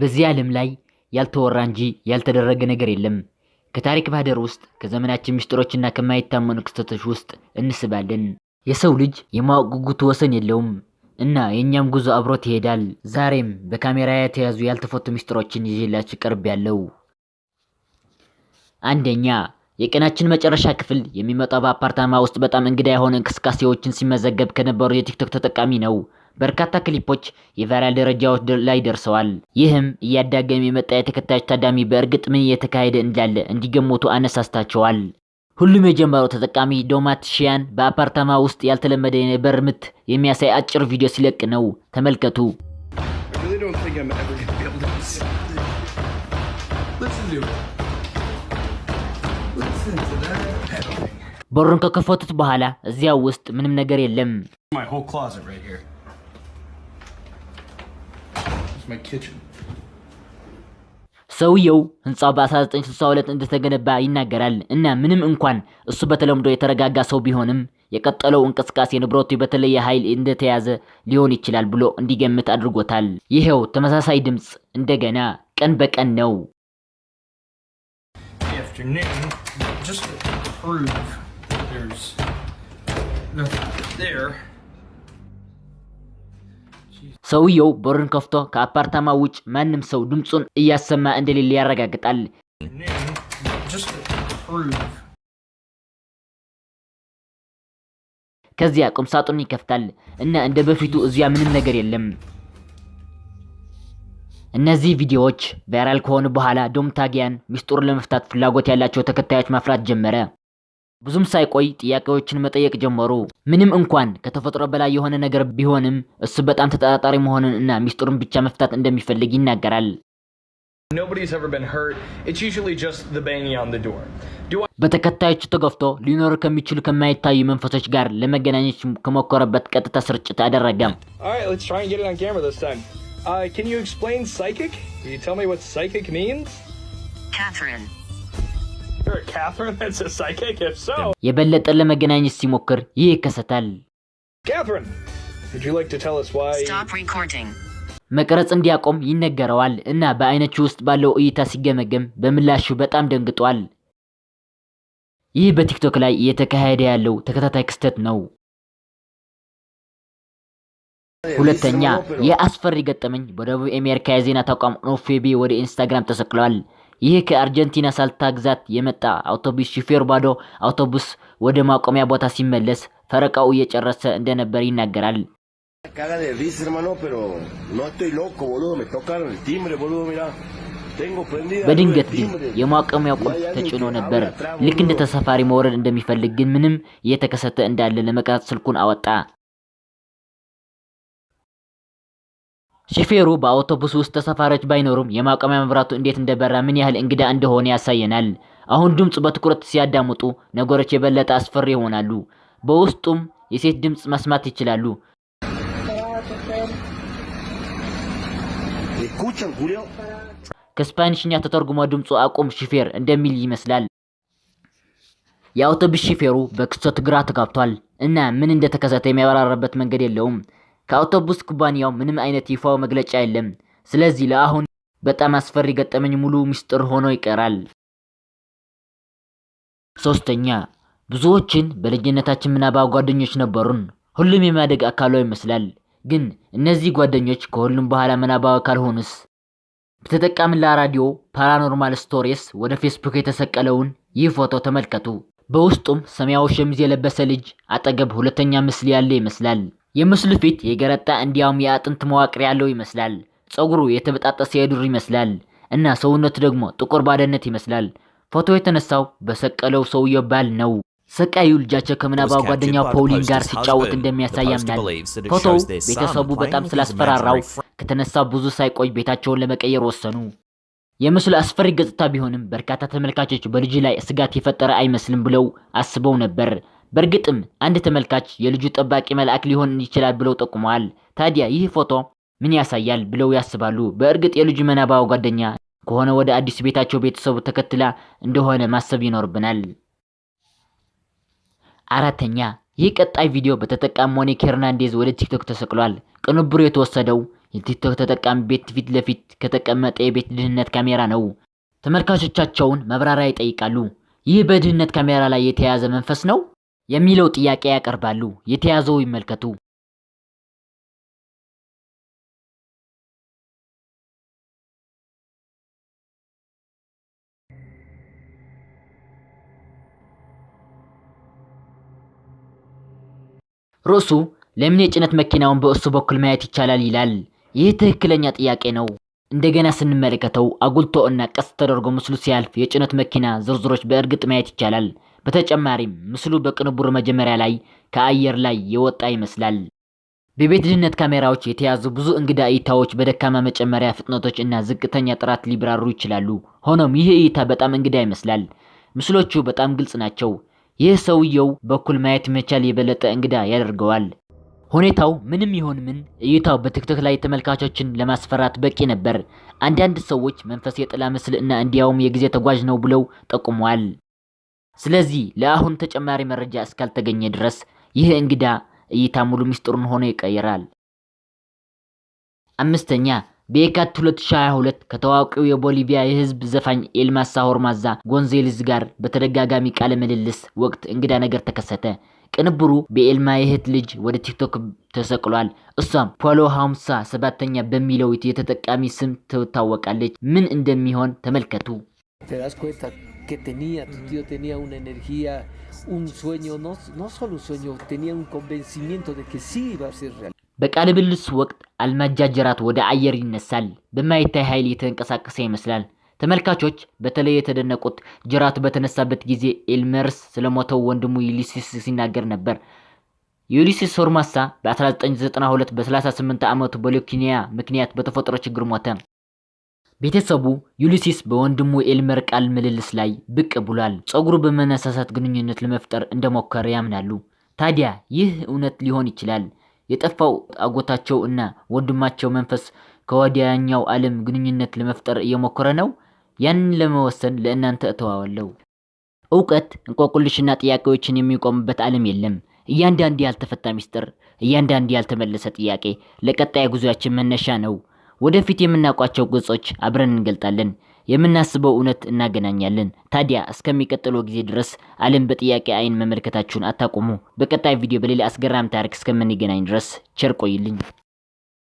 በዚህ ዓለም ላይ ያልተወራ እንጂ ያልተደረገ ነገር የለም። ከታሪክ ባህደር ውስጥ ከዘመናችን ምስጢሮችና ከማይታመኑ ክስተቶች ውስጥ እንስባለን። የሰው ልጅ የማወቅ ጉጉት ወሰን የለውም እና የእኛም ጉዞ አብሮት ይሄዳል። ዛሬም በካሜራ የተያዙ ያልተፈቱ ምስጢሮችን ይዤላችሁ ቅርብ ያለው አንደኛ የቀናችን መጨረሻ ክፍል የሚመጣው በአፓርታማ ውስጥ በጣም እንግዳ የሆነ እንቅስቃሴዎችን ሲመዘገብ ከነበሩ የቲክቶክ ተጠቃሚ ነው። በርካታ ክሊፖች የቫይራል ደረጃዎች ላይ ደርሰዋል። ይህም እያዳገመ የመጣ የተከታዮች ታዳሚ በእርግጥ ምን እየተካሄደ እንዳለ እንዲገምቱ አነሳስታቸዋል። ሁሉም የጀመረው ተጠቃሚ ዶማት ሺያን በአፓርታማ ውስጥ ያልተለመደ የበር ምት የሚያሳይ አጭር ቪዲዮ ሲለቅ ነው። ተመልከቱ። በሩን ከከፈቱት በኋላ እዚያው ውስጥ ምንም ነገር የለም። ሰውየው ህንፃው በ1962 እንደተገነባ ይናገራል እና ምንም እንኳን እሱ በተለምዶ የተረጋጋ ሰው ቢሆንም የቀጠለው እንቅስቃሴ ንብረቱ በተለየ ኃይል እንደተያዘ ሊሆን ይችላል ብሎ እንዲገምት አድርጎታል። ይሄው ተመሳሳይ ድምፅ እንደገና ቀን በቀን ነው። there. ሰውየው በሩን ከፍቶ ከአፓርታማ ውጭ ማንም ሰው ድምፁን እያሰማ እንደሌለ ያረጋግጣል። ከዚያ ቁም ይከፍታል እና እንደ በፊቱ እዚያ ምንም ነገር የለም። እነዚህ ቪዲዮዎች ቫይራል ከሆኑ በኋላ ዶምታጊያን ሚስጥሩን ለመፍታት ፍላጎት ያላቸው ተከታዮች ማፍራት ጀመረ። ብዙም ሳይቆይ ጥያቄዎችን መጠየቅ ጀመሩ። ምንም እንኳን ከተፈጥሮ በላይ የሆነ ነገር ቢሆንም እሱ በጣም ተጠራጣሪ መሆኑን እና ሚስጥሩን ብቻ መፍታት እንደሚፈልግ ይናገራል። በተከታዮቹ ተገፍቶ ሊኖር ከሚችሉ ከማይታዩ መንፈሶች ጋር ለመገናኘት ከሞከረበት ቀጥታ ስርጭት አደረገ። ካትሪን የበለጠ ለመገናኘት ሲሞክር ይህ ይከሰታል። መቅረጽ እንዲያቆም ይነገረዋል እና በአይኖቹ ውስጥ ባለው እይታ ሲገመገም በምላሹ በጣም ደንግጧል። ይህ በቲክቶክ ላይ እየተካሄደ ያለው ተከታታይ ክስተት ነው። ሁለተኛ የአስፈሪ ገጠመኝ በደቡብ አሜሪካ የዜና ተቋም ኦፌቢ ወደ ኢንስታግራም ተሰቅሏል። ይህ ከአርጀንቲና ሳልታ ግዛት የመጣ አውቶቡስ ሹፌር ባዶ አውቶቡስ ወደ ማቆሚያ ቦታ ሲመለስ ፈረቃው እየጨረሰ እንደነበር ይናገራል። በድንገት ግን የማቆሚያ ቁልፍ ተጭኖ ነበር። ልክ እንደ ተሳፋሪ መውረድ እንደሚፈልግ ግን ምንም እየተከሰተ እንዳለ ለመቅረጽ ስልኩን አወጣ። ሽፌሩ በአውቶቡስ ውስጥ ተሳፋሪዎች ባይኖሩም የማቆሚያ መብራቱ እንዴት እንደበራ ምን ያህል እንግዳ እንደሆነ ያሳየናል። አሁን ድምፁ በትኩረት ሲያዳምጡ ነገሮች የበለጠ አስፈሪ ይሆናሉ። በውስጡም የሴት ድምፅ መስማት ይችላሉ። ከስፓኒሽኛ ተተርጉሞ ድምፁ አቁም ሹፌር እንደሚል ይመስላል። የአውቶቡስ ሹፌሩ በክስተቱ ግራ ተጋብቷል እና ምን እንደተከሰተ የሚያበራራበት መንገድ የለውም። ከአውቶቡስ ኩባንያው ምንም አይነት ይፋው መግለጫ የለም። ስለዚህ ለአሁን በጣም አስፈሪ ገጠመኝ ሙሉ ምስጢር ሆኖ ይቀራል። ሶስተኛ ብዙዎችን በልጅነታችን ምናባ ጓደኞች ነበሩን። ሁሉም የማደግ አካሏ ይመስላል። ግን እነዚህ ጓደኞች ከሁሉም በኋላ ምናባዊ ካልሆኑስ? በተጠቃሚላ ራዲዮ ፓራኖርማል ስቶሪስ ወደ ፌስቡክ የተሰቀለውን ይህ ፎቶ ተመልከቱ። በውስጡም ሰማያዊ ሸሚዝ የለበሰ ልጅ አጠገብ ሁለተኛ ምስል ያለ ይመስላል። የምስሉ ፊት የገረጣ እንዲያውም የአጥንት መዋቅር ያለው ይመስላል። ፀጉሩ የተበጣጠሰ የዱር ይመስላል እና ሰውነቱ ደግሞ ጥቁር ባደነት ይመስላል። ፎቶ የተነሳው በሰቀለው ሰውየው ባል ነው። ሰቃዩ ልጃቸው ከምናባው ጓደኛው ፖሊን ጋር ሲጫወት እንደሚያሳይ ያምናል። ፎቶው ቤተሰቡ በጣም ስላስፈራራው ከተነሳው ብዙ ሳይቆይ ቤታቸውን ለመቀየር ወሰኑ። የምስሉ አስፈሪ ገጽታ ቢሆንም በርካታ ተመልካቾች በልጅ ላይ ስጋት የፈጠረ አይመስልም ብለው አስበው ነበር። በእርግጥም አንድ ተመልካች የልጁ ጠባቂ መልአክ ሊሆን ይችላል ብለው ጠቁመዋል። ታዲያ ይህ ፎቶ ምን ያሳያል ብለው ያስባሉ? በእርግጥ የልጁ መናባው ጓደኛ ከሆነ ወደ አዲስ ቤታቸው ቤተሰቡ ተከትላ እንደሆነ ማሰብ ይኖርብናል። አራተኛ ይህ ቀጣይ ቪዲዮ በተጠቃሚ ሞኒክ ሄርናንዴዝ ወደ ቲክቶክ ተሰቅሏል። ቅንብሩ የተወሰደው የቲክቶክ ተጠቃሚ ቤት ፊት ለፊት ከተቀመጠ የቤት ድህንነት ካሜራ ነው። ተመልካቾቻቸውን ማብራሪያ ይጠይቃሉ። ይህ በድህንነት ካሜራ ላይ የተያያዘ መንፈስ ነው የሚለው ጥያቄ ያቀርባሉ። የተያዘው ይመልከቱ። ርዕሱ ለምን የጭነት መኪናውን በእሱ በኩል ማየት ይቻላል ይላል። ይህ ትክክለኛ ጥያቄ ነው። እንደገና ስንመለከተው አጉልቶ እና ቀስ ተደርጎ ምስሉ ሲያልፍ የጭነት መኪና ዝርዝሮች በእርግጥ ማየት ይቻላል። በተጨማሪም ምስሉ በቅንብሩ መጀመሪያ ላይ ከአየር ላይ የወጣ ይመስላል። በቤት ድህነት ካሜራዎች የተያዙ ብዙ እንግዳ እይታዎች በደካማ መጨመሪያ ፍጥነቶች እና ዝቅተኛ ጥራት ሊብራሩ ይችላሉ። ሆኖም ይህ እይታ በጣም እንግዳ ይመስላል። ምስሎቹ በጣም ግልጽ ናቸው። ይህ ሰውየው በኩል ማየት መቻል የበለጠ እንግዳ ያደርገዋል። ሁኔታው ምንም ይሁን ምን እይታው በቲክቶክ ላይ ተመልካቾችን ለማስፈራት በቂ ነበር። አንዳንድ ሰዎች መንፈስ የጥላ ምስል እና እንዲያውም የጊዜ ተጓዥ ነው ብለው ጠቁመዋል። ስለዚህ ለአሁን ተጨማሪ መረጃ እስካልተገኘ ድረስ ይህ እንግዳ እይታ ሙሉ ምስጢሩን ሆኖ ይቀይራል። አምስተኛ በየካቲት 2022 ከታዋቂው የቦሊቪያ የህዝብ ዘፋኝ ኤልማሳ ሆርማዛ ጎንዜልዝ ጋር በተደጋጋሚ ቃለ ምልልስ ወቅት እንግዳ ነገር ተከሰተ። ቅንብሩ በኤልማ የእህት ልጅ ወደ ቲክቶክ ተሰቅሏል። እሷም ፖሎ ሃምሳ ሰባተኛ በሚለው የተጠቃሚ ስም ትታወቃለች። ምን እንደሚሆን ተመልከቱ። que tenía, tu tío tenía una energía, un sueño, no, no solo un sueño, tenía un convencimiento de que sí iba a ser real. በቃለ ምልልስ ወቅት አልማጃጀራት ወደ አየር ይነሳል። በማይታይ ኃይል የተንቀሳቀሰ ይመስላል። ተመልካቾች በተለይ የተደነቁት ጅራት በተነሳበት ጊዜ ኤልመርስ ስለሞተው ወንድሙ ዩሊሲስ ሲናገር ነበር። ዩሊሲስ ሶርማሳ በ1992 በ38 ዓመቱ በሌኪኒያ ምክንያት በተፈጥሮ ችግር ሞተ። ቤተሰቡ ዩሊሲስ በወንድሙ ኤልመር ቃል ምልልስ ላይ ብቅ ብሏል። ጸጉሩ በመነሳሳት ግንኙነት ለመፍጠር እንደሞከረ ያምናሉ። ታዲያ ይህ እውነት ሊሆን ይችላል። የጠፋው አጎታቸው እና ወንድማቸው መንፈስ ከወዲያኛው ዓለም ግንኙነት ለመፍጠር እየሞከረ ነው? ያንን ለመወሰን ለእናንተ እተዋዋለሁ። እውቀት እንቋቁልሽና ጥያቄዎችን የሚቆምበት ዓለም የለም። እያንዳንድ ያልተፈታ ሚስጥር፣ እያንዳንድ ያልተመለሰ ጥያቄ ለቀጣይ ጉዞያችን መነሻ ነው። ወደፊት የምናውቋቸው ገጾች አብረን እንገልጣለን። የምናስበው እውነት እናገናኛለን። ታዲያ እስከሚቀጥለው ጊዜ ድረስ ዓለም በጥያቄ አይን መመልከታችሁን አታቁሙ። በቀጣይ ቪዲዮ በሌላ አስገራሚ ታሪክ እስከምንገናኝ ድረስ ቸር ቆይልኝ።